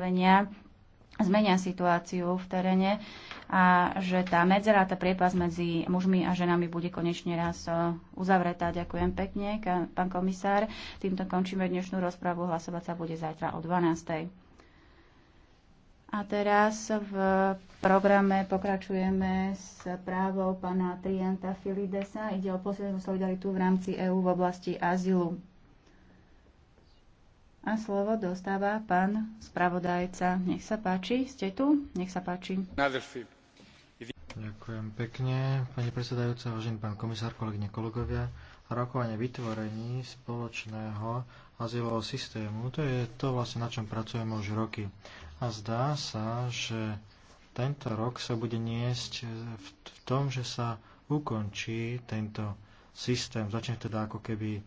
ustanovenia zmenia situáciu v teréne a že tá medzera, tá priepas medzi mužmi a ženami bude konečne raz e, uzavretá. Ďakujem pekne, pán komisár. Týmto končíme dnešnú rozpravu. Hlasovať sa bude zajtra o 12. A teraz v programe pokračujeme s právou pána Trienta Filidesa. Ide o poslednú solidaritu v rámci EÚ v oblasti azylu. A slovo dostáva pán spravodajca. Nech sa páči, ste tu? Nech sa páči. Ďakujem pekne, pani predsedajúca, vážený pán komisár, kolegyne, kolegovia. Rokovanie vytvorení spoločného azylového systému, to je to vlastne, na čom pracujeme už roky. A zdá sa, že tento rok sa bude niesť v tom, že sa ukončí tento systém. Začne teda ako keby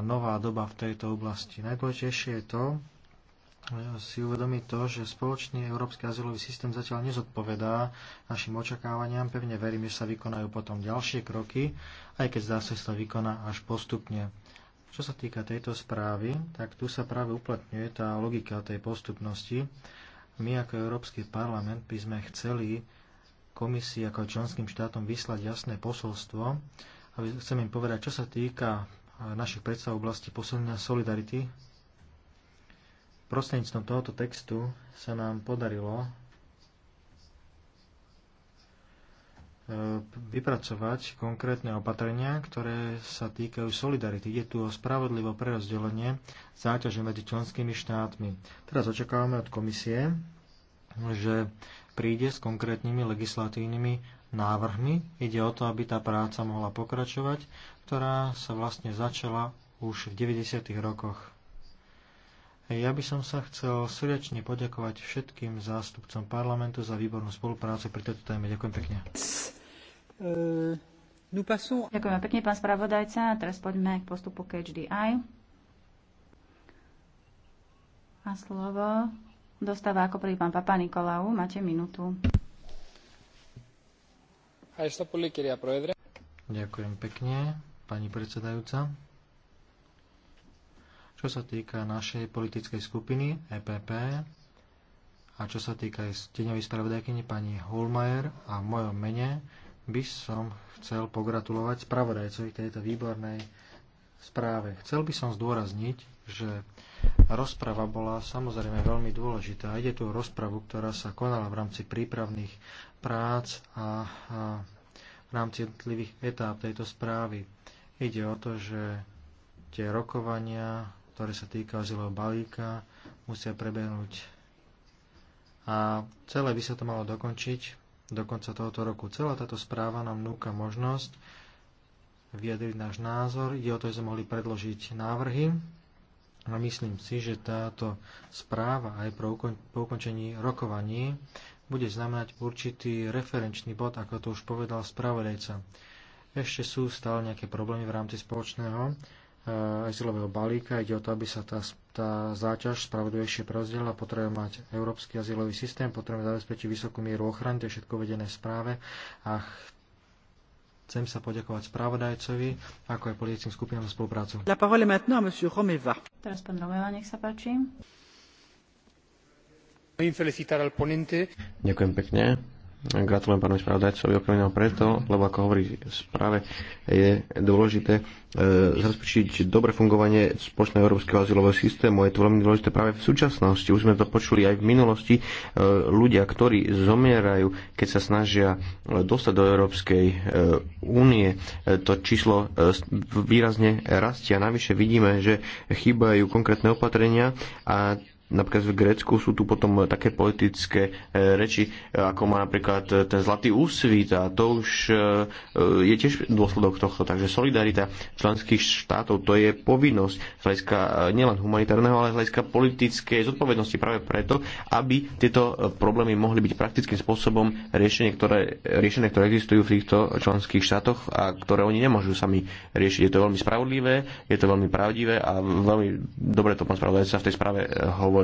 nová doba v tejto oblasti. Najdôležitejšie je to, e, si uvedomí to, že spoločný európsky azylový systém zatiaľ nezodpovedá našim očakávaniam. Pevne verím, že sa vykonajú potom ďalšie kroky, aj keď zdá sa, že sa vykoná až postupne. Čo sa týka tejto správy, tak tu sa práve uplatňuje tá logika tej postupnosti. My ako Európsky parlament by sme chceli komisii ako členským štátom vyslať jasné posolstvo, aby chcem im povedať, čo sa týka našich predstav v oblasti posilnenia solidarity. Prostredníctvom tohoto textu sa nám podarilo e, vypracovať konkrétne opatrenia, ktoré sa týkajú solidarity. Je tu o spravodlivo prerozdelenie záťaže medzi členskými štátmi. Teraz očakávame od komisie, že príde s konkrétnymi legislatívnymi návrhmi. Ide o to, aby tá práca mohla pokračovať, ktorá sa vlastne začala už v 90. rokoch. Ja by som sa chcel srdečne poďakovať všetkým zástupcom parlamentu za výbornú spoluprácu pri tejto téme. Ďakujem pekne. Ďakujem pekne, pán spravodajca. Teraz poďme k postupu KHDI. A slovo dostáva ako prvý pán Papa Nikolau. Máte minútu. Ďakujem pekne, pani predsedajúca. Čo sa týka našej politickej skupiny EPP a čo sa týka aj steňovej spravodajkyne pani Holmajer a v mojom mene, by som chcel pogratulovať spravodajcovi tejto výbornej správe. Chcel by som zdôrazniť, že rozprava bola samozrejme veľmi dôležitá. Ide tu o rozpravu, ktorá sa konala v rámci prípravných prác a, a v rámci jednotlivých etáp tejto správy. Ide o to, že tie rokovania, ktoré sa týka zilého balíka, musia prebehnúť. A celé by sa to malo dokončiť do konca tohoto roku. Celá táto správa nám núka možnosť vyjadriť náš názor. Ide o to, že sme mohli predložiť návrhy. A myslím si, že táto správa aj po ukončení rokovaní bude znamenať určitý referenčný bod, ako to už povedal spravodajca. Ešte sú stále nejaké problémy v rámci spoločného azylového e, balíka. Ide o to, aby sa tá, tá záťaž spravodajšie prerozdelila. Potrebujeme mať európsky azylový systém, potrebujeme zabezpečiť vysokú mieru ochrany, to je všetko vedené v správe. A chcem sa poďakovať spravodajcovi, ako aj politickým skupinám za spoluprácu. La parole maintenant, monsieur Romeva. Teraz pán Romeva, nech sa páči. Ďakujem pekne. Gratulujem pánovi spravodajcovi okrem iného preto, lebo ako hovorí v správe, je dôležité e, zabezpečiť dobre fungovanie spoločného európskeho azylového systému. Je to veľmi dôležité práve v súčasnosti. Už sme to počuli aj v minulosti. E, ľudia, ktorí zomierajú, keď sa snažia dostať do Európskej e, únie, e, to číslo e, výrazne rastie. A navyše vidíme, že chýbajú konkrétne opatrenia a Napríklad v Grécku sú tu potom také politické e, reči, e, ako má napríklad e, ten zlatý úsvit a to už je tiež dôsledok tohto. Takže solidarita členských štátov to je povinnosť z hľadiska nielen humanitárneho, ale z hľadiska politickej zodpovednosti práve preto, aby tieto problémy mohli byť praktickým spôsobom riešenie, ktoré, riešenie, ktoré existujú v týchto členských štátoch a ktoré oni nemôžu sami riešiť. Je to veľmi spravodlivé, je to veľmi pravdivé a veľmi dobre to pán spravodajca v tej správe hovorí.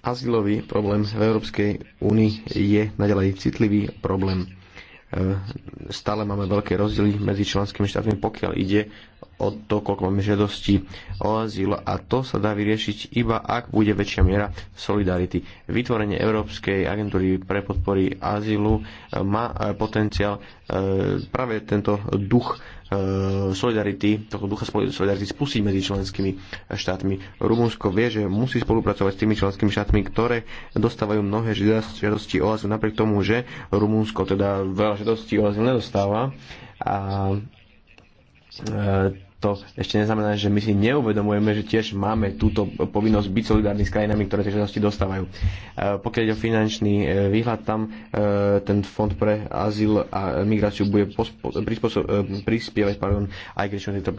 azylový problém v Európskej únii je naďalej citlivý problém. E, stále máme veľké rozdiely medzi členskými štátmi, pokiaľ ide o to, koľko máme žiadosti o azyl a to sa dá vyriešiť iba, ak bude väčšia miera solidarity. Vytvorenie Európskej agentúry pre podpory azylu e, má e, potenciál práve tento duch Eh, solidarity, tohto ducha solidarity spustiť medzi členskými štátmi. Rumunsko vie, že musí spolupracovať s tými členskými štátmi, ktoré dostávajú mnohé žiadosti o azyl, napriek tomu, že Rumunsko teda veľa žiadostí o azyl nedostáva. A eh, to ešte neznamená, že my si neuvedomujeme, že tiež máme túto povinnosť byť solidárni s krajinami, ktoré tie žiadosti dostávajú. E, pokiaľ ide o finančný e, výhľad, tam e, ten fond pre azyl a migráciu bude prispievať pardon, aj k tejto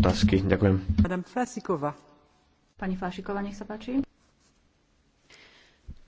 otázky. Ďakujem. Pani Flašikova, nech sa páči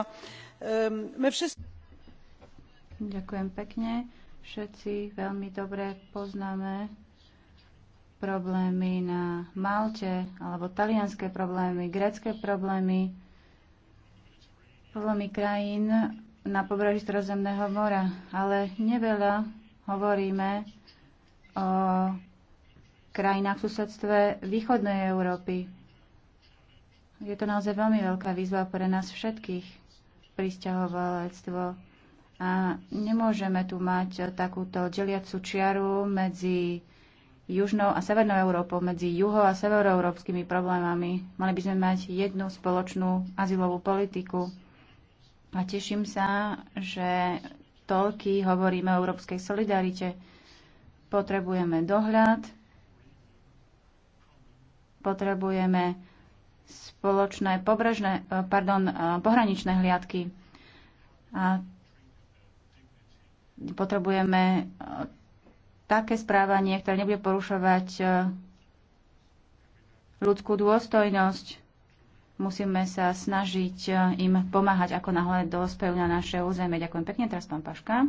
Ehm, Ďakujem pekne. Všetci veľmi dobre poznáme problémy na Malte, alebo talianské problémy, grecké problémy, problémy krajín na pobreží Stredozemného mora. Ale neveľa hovoríme o krajinách v susedstve východnej Európy. Je to naozaj veľmi veľká výzva pre nás všetkých pristahovalectvo. A nemôžeme tu mať takúto deliacu čiaru medzi južnou a severnou Európou, medzi juho- a severoeurópskymi problémami. Mali by sme mať jednu spoločnú azylovú politiku. A teším sa, že toľky hovoríme o európskej solidarite. Potrebujeme dohľad, potrebujeme spoločné pobrežné, e, pardon, e, pohraničné hliadky. A potrebujeme e, také správanie, ktoré nebude porušovať ľudskú dôstojnosť. Musíme sa snažiť im pomáhať, ako náhle dospejú na naše územie. Ďakujem pekne. Teraz pán Paška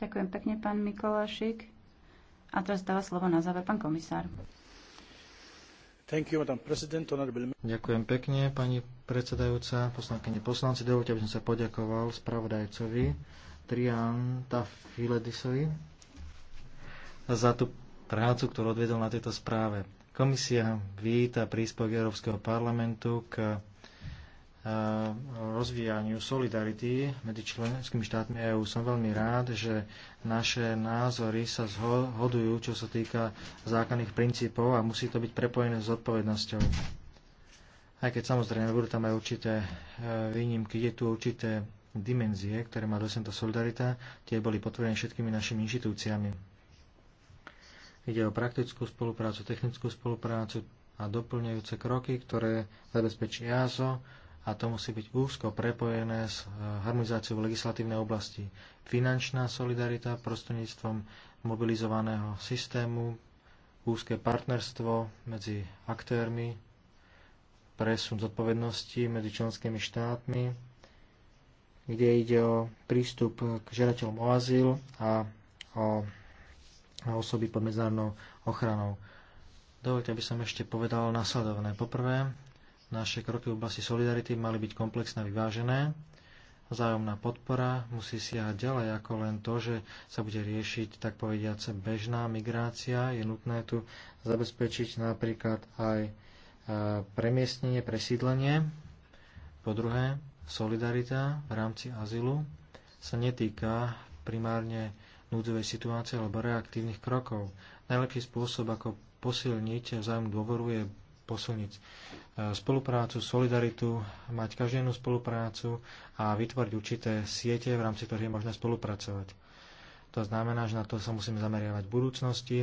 Ďakujem pekne, pán Mikolášik. A teraz dáva slovo na záver pán komisár. You, Ďakujem pekne, pani predsedajúca, poslankyne poslanci. Dovolte, aby som sa poďakoval spravodajcovi Trian Tafiledisovi za tú prácu, ktorú odvedol na tejto správe. Komisia víta príspevok Európskeho parlamentu k rozvíjaniu solidarity medzi členskými štátmi EÚ. Som veľmi rád, že naše názory sa zhodujú, čo sa týka základných princípov a musí to byť prepojené s odpovednosťou. Aj keď samozrejme budú tam aj určité e, výnimky, je tu určité dimenzie, ktoré má dosť solidarita, tie boli potvrdené všetkými našimi inštitúciami. Ide o praktickú spoluprácu, technickú spoluprácu a doplňajúce kroky, ktoré zabezpečí EASO, a to musí byť úzko prepojené s e, harmonizáciou v legislatívnej oblasti. Finančná solidarita prostredníctvom mobilizovaného systému, úzke partnerstvo medzi aktérmi, presun zodpovednosti medzi členskými štátmi, kde ide o prístup k žiadateľom o azyl a o osoby pod medzinárodnou ochranou. Dovolte, aby som ešte povedal nasledovné. Poprvé, naše kroky v oblasti solidarity mali byť a vyvážené. Zájomná podpora musí siahať ďalej ako len to, že sa bude riešiť, tak povediace, bežná migrácia. Je nutné tu zabezpečiť napríklad aj e, premiestnenie, presídlenie. Po druhé, solidarita v rámci azylu sa netýka primárne núdzovej situácie alebo reaktívnych krokov. Najlepší spôsob, ako posilniť vzájom dôveru, je posilniť e, spoluprácu, solidaritu, mať každú spoluprácu a vytvoriť určité siete, v rámci ktorých je možné spolupracovať. To znamená, že na to sa musíme zameriavať v budúcnosti,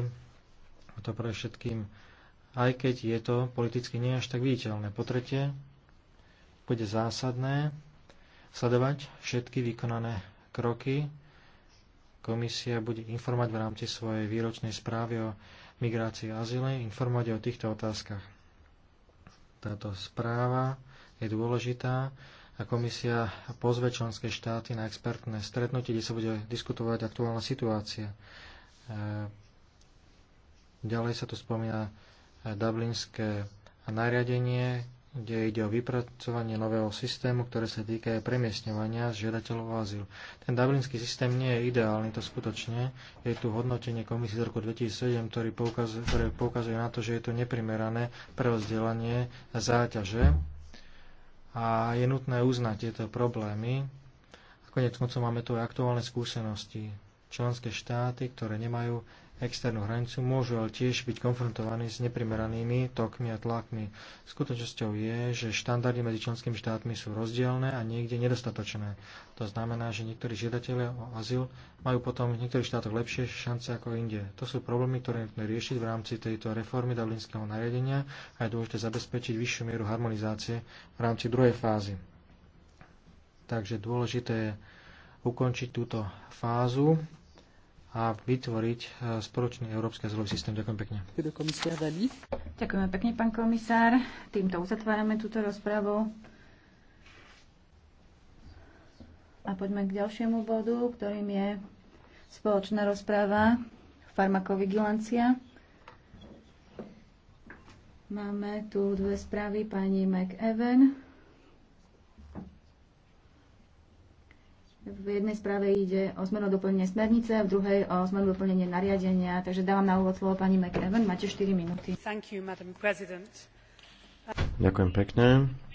a to pre všetkým, aj keď je to politicky nie až tak viditeľné. Po tretie, bude zásadné sledovať všetky vykonané kroky. Komisia bude informovať v rámci svojej výročnej správy o migrácii a azyle, informovať o týchto otázkach. Táto správa je dôležitá a komisia pozve členské štáty na expertné stretnutie, kde sa bude diskutovať aktuálna situácia. E, ďalej sa tu spomína e, dublinské nariadenie, kde ide o vypracovanie nového systému, ktoré sa týka premiestňovania žiadateľov o azyl. Ten dublinský systém nie je ideálny, to skutočne. Je tu hodnotenie komisie z roku 2007, ktorý poukazuje, ktoré poukazuje na to, že je to neprimerané pre rozdelanie záťaže a je nutné uznať tieto problémy. A konec koncov máme tu aj aktuálne skúsenosti. Členské štáty, ktoré nemajú externú hranicu, môžu ale tiež byť konfrontovaní s neprimeranými tokmi a tlakmi. Skutočnosťou je, že štandardy medzi členskými štátmi sú rozdielne a niekde nedostatočné. To znamená, že niektorí žiadatelia o azyl majú potom v niektorých štátoch lepšie šance ako inde. To sú problémy, ktoré nutné riešiť v rámci tejto reformy Dublinského nariadenia a je dôležité zabezpečiť vyššiu mieru harmonizácie v rámci druhej fázy. Takže dôležité je ukončiť túto fázu a vytvoriť e, spoločný európsky azylový systém. Ďakujem pekne. Ďakujeme pekne, pán komisár. Týmto uzatvárame túto rozpravu. A poďme k ďalšiemu bodu, ktorým je spoločná rozpráva farmakovigilancia. Máme tu dve správy pani McEwen. jednej správe ide o zmenu doplnenie smernice, v druhej o zmenu doplnenie nariadenia. Takže dávam na úvod slovo pani McEwen. Máte 4 minúty. Ďakujem pekne.